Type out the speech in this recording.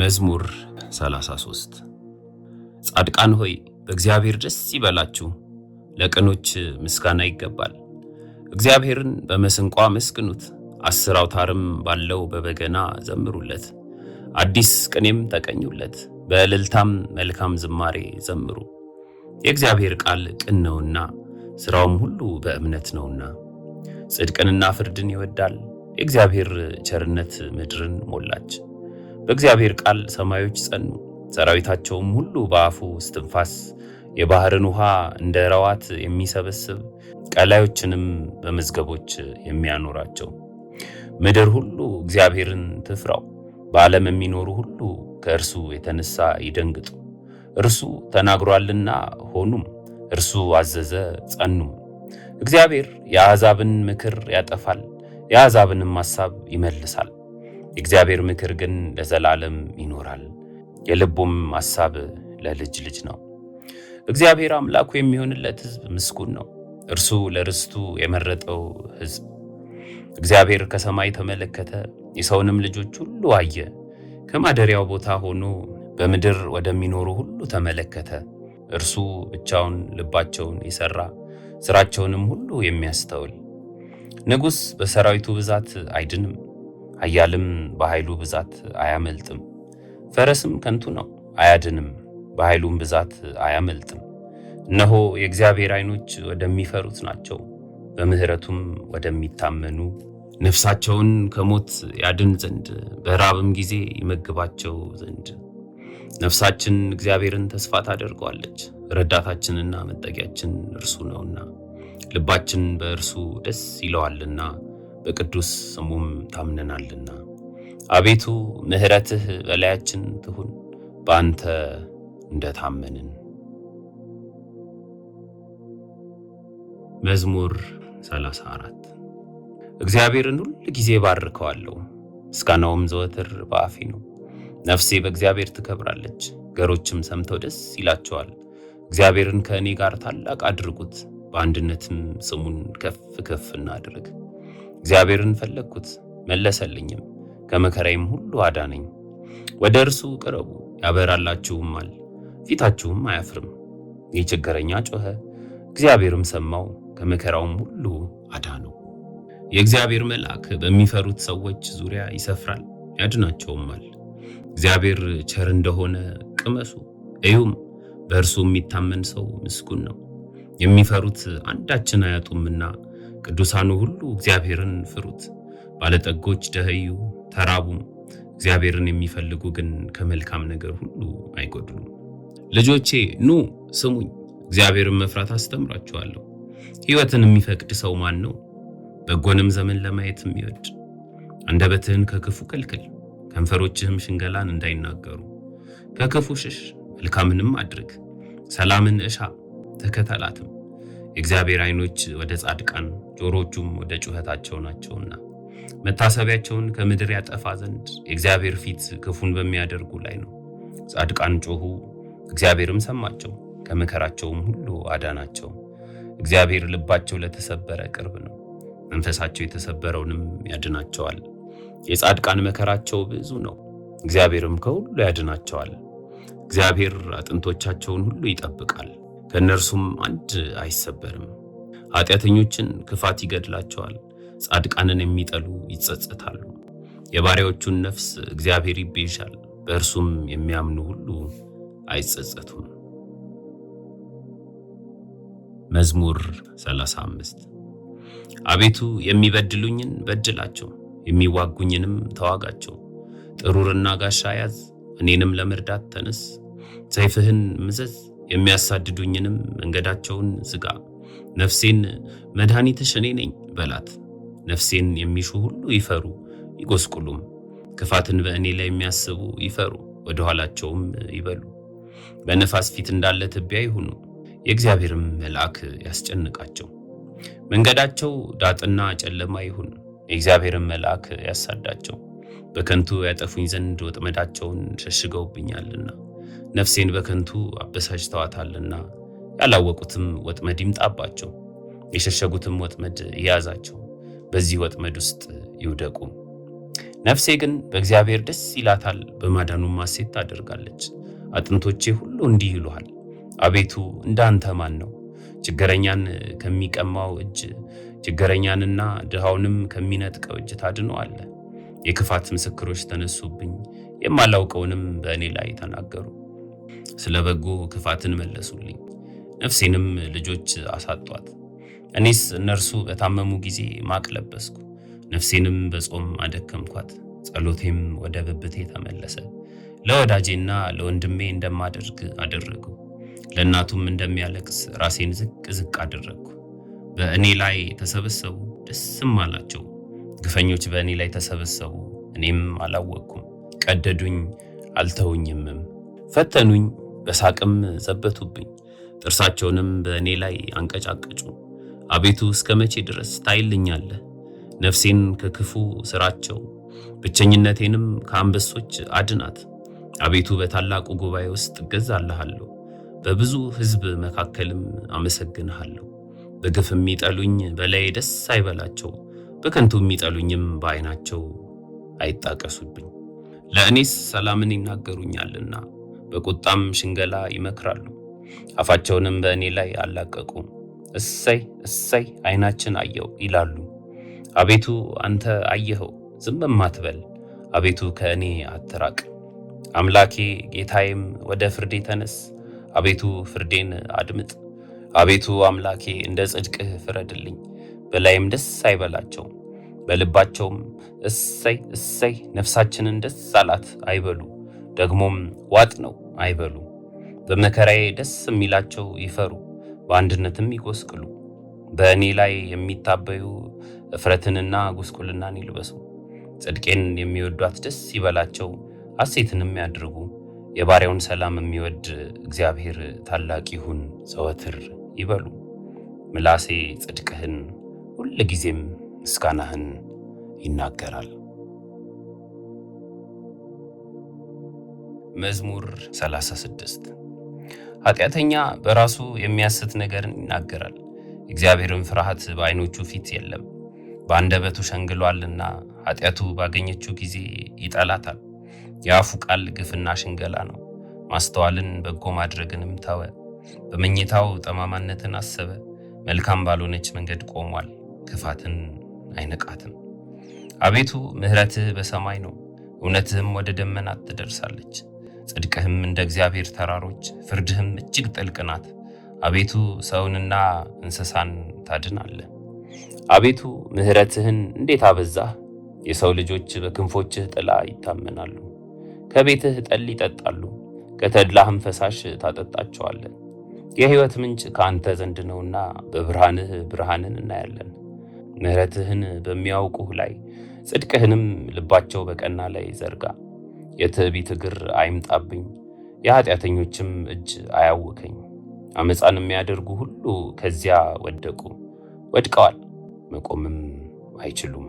መዝሙር 33 ጻድቃን ሆይ በእግዚአብሔር ደስ ይበላችሁ፣ ለቅኖች ምስጋና ይገባል። እግዚአብሔርን በመስንቋ መስግኑት፣ አስር አውታርም ባለው በበገና ዘምሩለት። አዲስ ቅኔም ተቀኙለት፣ በእልልታም መልካም ዝማሬ ዘምሩ። የእግዚአብሔር ቃል ቅን ነውና ሥራውም ሁሉ በእምነት ነውና፣ ጽድቅንና ፍርድን ይወዳል። የእግዚአብሔር ቸርነት ምድርን ሞላች። በእግዚአብሔር ቃል ሰማዮች ጸኑ፣ ሰራዊታቸውም ሁሉ በአፉ እስትንፋስ የባህርን ውሃ እንደ ረዋት የሚሰበስብ ቀላዮችንም በመዝገቦች የሚያኖራቸው። ምድር ሁሉ እግዚአብሔርን ትፍራው፣ በዓለም የሚኖሩ ሁሉ ከእርሱ የተነሳ ይደንግጡ። እርሱ ተናግሯልና ሆኑም፣ እርሱ አዘዘ ጸኑም። እግዚአብሔር የአሕዛብን ምክር ያጠፋል፣ የአሕዛብንም ሐሳብ ይመልሳል። የእግዚአብሔር ምክር ግን ለዘላለም ይኖራል፣ የልቡም ሐሳብ ለልጅ ልጅ ነው። እግዚአብሔር አምላኩ የሚሆንለት ሕዝብ ምስጉን ነው፣ እርሱ ለርስቱ የመረጠው ሕዝብ። እግዚአብሔር ከሰማይ ተመለከተ፣ የሰውንም ልጆች ሁሉ አየ። ከማደሪያው ቦታ ሆኖ በምድር ወደሚኖሩ ሁሉ ተመለከተ። እርሱ ብቻውን ልባቸውን የሠራ ሥራቸውንም ሁሉ የሚያስተውል ንጉሥ በሰራዊቱ ብዛት አይድንም። አያልም በኃይሉ ብዛት አያመልጥም። ፈረስም ከንቱ ነው አያድንም፣ በኃይሉም ብዛት አያመልጥም። እነሆ የእግዚአብሔር ዓይኖች ወደሚፈሩት ናቸው፣ በምሕረቱም ወደሚታመኑ ነፍሳቸውን ከሞት ያድን ዘንድ በራብም ጊዜ ይመግባቸው ዘንድ። ነፍሳችን እግዚአብሔርን ተስፋ ታደርገዋለች፣ ረዳታችንና መጠጊያችን እርሱ ነውና ልባችን በእርሱ ደስ ይለዋልና በቅዱስ ስሙም ታምነናልና። አቤቱ ምሕረትህ በላያችን ትሁን፣ በአንተ እንደታመንን። መዝሙር 34 እግዚአብሔርን ሁል ጊዜ ባርከዋለሁ፣ ምስጋናውም ዘወትር በአፌ ነው። ነፍሴ በእግዚአብሔር ትከብራለች፣ ገሮችም ሰምተው ደስ ይላቸዋል። እግዚአብሔርን ከእኔ ጋር ታላቅ አድርጉት፣ በአንድነትም ስሙን ከፍ ከፍ እናድርግ። እግዚአብሔርን ፈለግኩት መለሰልኝም፣ ከመከራዬም ሁሉ አዳነኝ። ወደ እርሱ ቅረቡ ያበራላችሁማል፣ ፊታችሁም አያፍርም። ይህ ችግረኛ ጮኸ፣ እግዚአብሔርም ሰማው፣ ከመከራውም ሁሉ አዳነው። የእግዚአብሔር መልአክ በሚፈሩት ሰዎች ዙሪያ ይሰፍራል ያድናቸውማል። እግዚአብሔር ቸር እንደሆነ ቅመሱ እዩም፣ በእርሱ የሚታመን ሰው ምስጉን ነው። የሚፈሩት አንዳችን አያጡምና ቅዱሳኑ ሁሉ እግዚአብሔርን ፍሩት። ባለጠጎች ደህዩ ተራቡ። እግዚአብሔርን የሚፈልጉ ግን ከመልካም ነገር ሁሉ አይጎድሉም። ልጆቼ ኑ ስሙኝ፣ እግዚአብሔርን መፍራት አስተምራችኋለሁ። ሕይወትን የሚፈቅድ ሰው ማን ነው? በጎንም ዘመን ለማየት የሚወድ አንደበትህን ከክፉ ከልክል፣ ከንፈሮችህም ሽንገላን እንዳይናገሩ። ከክፉ ሽሽ፣ መልካምንም አድርግ፣ ሰላምን እሻ ተከተላትም። የእግዚአብሔር ዓይኖች ወደ ጻድቃን ጆሮቹም ወደ ጩኸታቸው ናቸውና መታሰቢያቸውን ከምድር ያጠፋ ዘንድ የእግዚአብሔር ፊት ክፉን በሚያደርጉ ላይ ነው። ጻድቃን ጮኹ፣ እግዚአብሔርም ሰማቸው፣ ከመከራቸውም ሁሉ አዳናቸው። እግዚአብሔር ልባቸው ለተሰበረ ቅርብ ነው፣ መንፈሳቸው የተሰበረውንም ያድናቸዋል። የጻድቃን መከራቸው ብዙ ነው፣ እግዚአብሔርም ከሁሉ ያድናቸዋል። እግዚአብሔር አጥንቶቻቸውን ሁሉ ይጠብቃል። ከእነርሱም አንድ አይሰበርም። ኃጢአተኞችን ክፋት ይገድላቸዋል፣ ጻድቃንን የሚጠሉ ይጸጸታሉ። የባሪያዎቹን ነፍስ እግዚአብሔር ይቤዣል፣ በእርሱም የሚያምኑ ሁሉ አይጸጸቱም። መዝሙር 35 አቤቱ የሚበድሉኝን በድላቸው፣ የሚዋጉኝንም ተዋጋቸው። ጥሩርና ጋሻ ያዝ፣ እኔንም ለመርዳት ተነስ፣ ሰይፍህን ምዘዝ የሚያሳድዱኝንም መንገዳቸውን ዝጋ። ነፍሴን መድኃኒትሽ እኔ ነኝ በላት። ነፍሴን የሚሹ ሁሉ ይፈሩ ይጎስቁሉም። ክፋትን በእኔ ላይ የሚያስቡ ይፈሩ ወደኋላቸውም ይበሉ። በነፋስ ፊት እንዳለ ትቢያ ይሁኑ፣ የእግዚአብሔርም መልአክ ያስጨንቃቸው። መንገዳቸው ዳጥና ጨለማ ይሁን፣ የእግዚአብሔርን መልአክ ያሳዳቸው። በከንቱ ያጠፉኝ ዘንድ ወጥመዳቸውን ሸሽገውብኛልና ነፍሴን በከንቱ አበሳጭተዋታልና ያላወቁትም ወጥመድ ይምጣባቸው፣ የሸሸጉትም ወጥመድ ይያዛቸው፣ በዚህ ወጥመድ ውስጥ ይውደቁ። ነፍሴ ግን በእግዚአብሔር ደስ ይላታል፣ በማዳኑ ማሴት ታደርጋለች። አጥንቶቼ ሁሉ እንዲህ ይሉሃል፣ አቤቱ እንዳንተ ማን ነው? ችግረኛን ከሚቀማው እጅ ችግረኛንና ድሃውንም ከሚነጥቀው እጅ አለ። የክፋት ምስክሮች ተነሱብኝ፣ የማላውቀውንም በእኔ ላይ ተናገሩ። ስለ በጎ ክፋትን መለሱልኝ፣ ነፍሴንም ልጆች አሳጧት። እኔስ እነርሱ በታመሙ ጊዜ ማቅ ለበስኩ፣ ነፍሴንም በጾም አደከምኳት። ጸሎቴም ወደ ብብቴ ተመለሰ። ለወዳጄና ለወንድሜ እንደማደርግ አደረጉ፣ ለእናቱም እንደሚያለቅስ ራሴን ዝቅ ዝቅ አደረግኩ። በእኔ ላይ ተሰበሰቡ፣ ደስም አላቸው። ግፈኞች በእኔ ላይ ተሰበሰቡ፣ እኔም አላወቅኩም። ቀደዱኝ፣ አልተውኝምም። ፈተኑኝ በሳቅም ዘበቱብኝ፣ ጥርሳቸውንም በእኔ ላይ አንቀጫቀጩ። አቤቱ እስከ መቼ ድረስ ታይልኛለህ? ነፍሴን ከክፉ ስራቸው ብቸኝነቴንም ከአንበሶች አድናት። አቤቱ በታላቁ ጉባኤ ውስጥ እገዛልሃለሁ፣ በብዙ ሕዝብ መካከልም አመሰግንሃለሁ። በግፍ የሚጠሉኝ በላይ ደስ አይበላቸው፣ በከንቱ የሚጠሉኝም በዓይናቸው አይጣቀሱብኝ። ለእኔስ ሰላምን ይናገሩኛልና በቁጣም ሽንገላ ይመክራሉ። አፋቸውንም በእኔ ላይ አላቀቁ። እሰይ እሰይ ዓይናችን አየው ይላሉ። አቤቱ አንተ አየኸው ዝምም አትበል። አቤቱ ከእኔ አትራቅ። አምላኬ ጌታዬም ወደ ፍርዴ ተነስ። አቤቱ ፍርዴን አድምጥ። አቤቱ አምላኬ እንደ ጽድቅህ ፍረድልኝ። በላይም ደስ አይበላቸው፣ በልባቸውም እሰይ እሰይ ነፍሳችንን ደስ አላት አይበሉ። ደግሞም ዋጥ ነው አይበሉ። በመከራዬ ደስ የሚላቸው ይፈሩ፣ በአንድነትም ይጎስቅሉ። በእኔ ላይ የሚታበዩ እፍረትንና ጉስቁልናን ይልበሱ። ጽድቄን የሚወዷት ደስ ይበላቸው፣ ሐሴትንም ያድርጉ። የባሪያውን ሰላም የሚወድ እግዚአብሔር ታላቅ ይሁን ዘወትር ይበሉ። ምላሴ ጽድቅህን ጊዜም ምስጋናህን ይናገራል። መዝሙር 36 ኃጢአተኛ በራሱ የሚያስት ነገርን ይናገራል፣ እግዚአብሔርን ፍርሃት በዓይኖቹ ፊት የለም። በአንደበቱ ሸንግሏልና ኃጢአቱ ባገኘችው ጊዜ ይጠላታል። የአፉ ቃል ግፍና ሽንገላ ነው። ማስተዋልን በጎ ማድረግንም ተወ። በመኝታው ጠማማነትን አሰበ። መልካም ባልሆነች መንገድ ቆሟል፣ ክፋትን አይነቃትም። አቤቱ ምሕረትህ በሰማይ ነው፣ እውነትህም ወደ ደመናት ትደርሳለች። ጽድቅህም እንደ እግዚአብሔር ተራሮች፣ ፍርድህም እጅግ ጥልቅ ናት። አቤቱ ሰውንና እንስሳን አለ። አቤቱ ምሕረትህን እንዴት አበዛህ! የሰው ልጆች በክንፎችህ ጥላ ይታመናሉ። ከቤትህ ጠል ይጠጣሉ፣ ከተድላህም ፈሳሽ ታጠጣቸዋለን። የሕይወት ምንጭ ከአንተ ዘንድ ነውና በብርሃንህ ብርሃንን እናያለን። ምሕረትህን በሚያውቁህ ላይ ጽድቅህንም ልባቸው በቀና ላይ ዘርጋ። የትዕቢት እግር አይምጣብኝ፣ የኃጢአተኞችም እጅ አያውከኝ። አመፃን የሚያደርጉ ሁሉ ከዚያ ወደቁ፣ ወድቀዋል፣ መቆምም አይችሉም።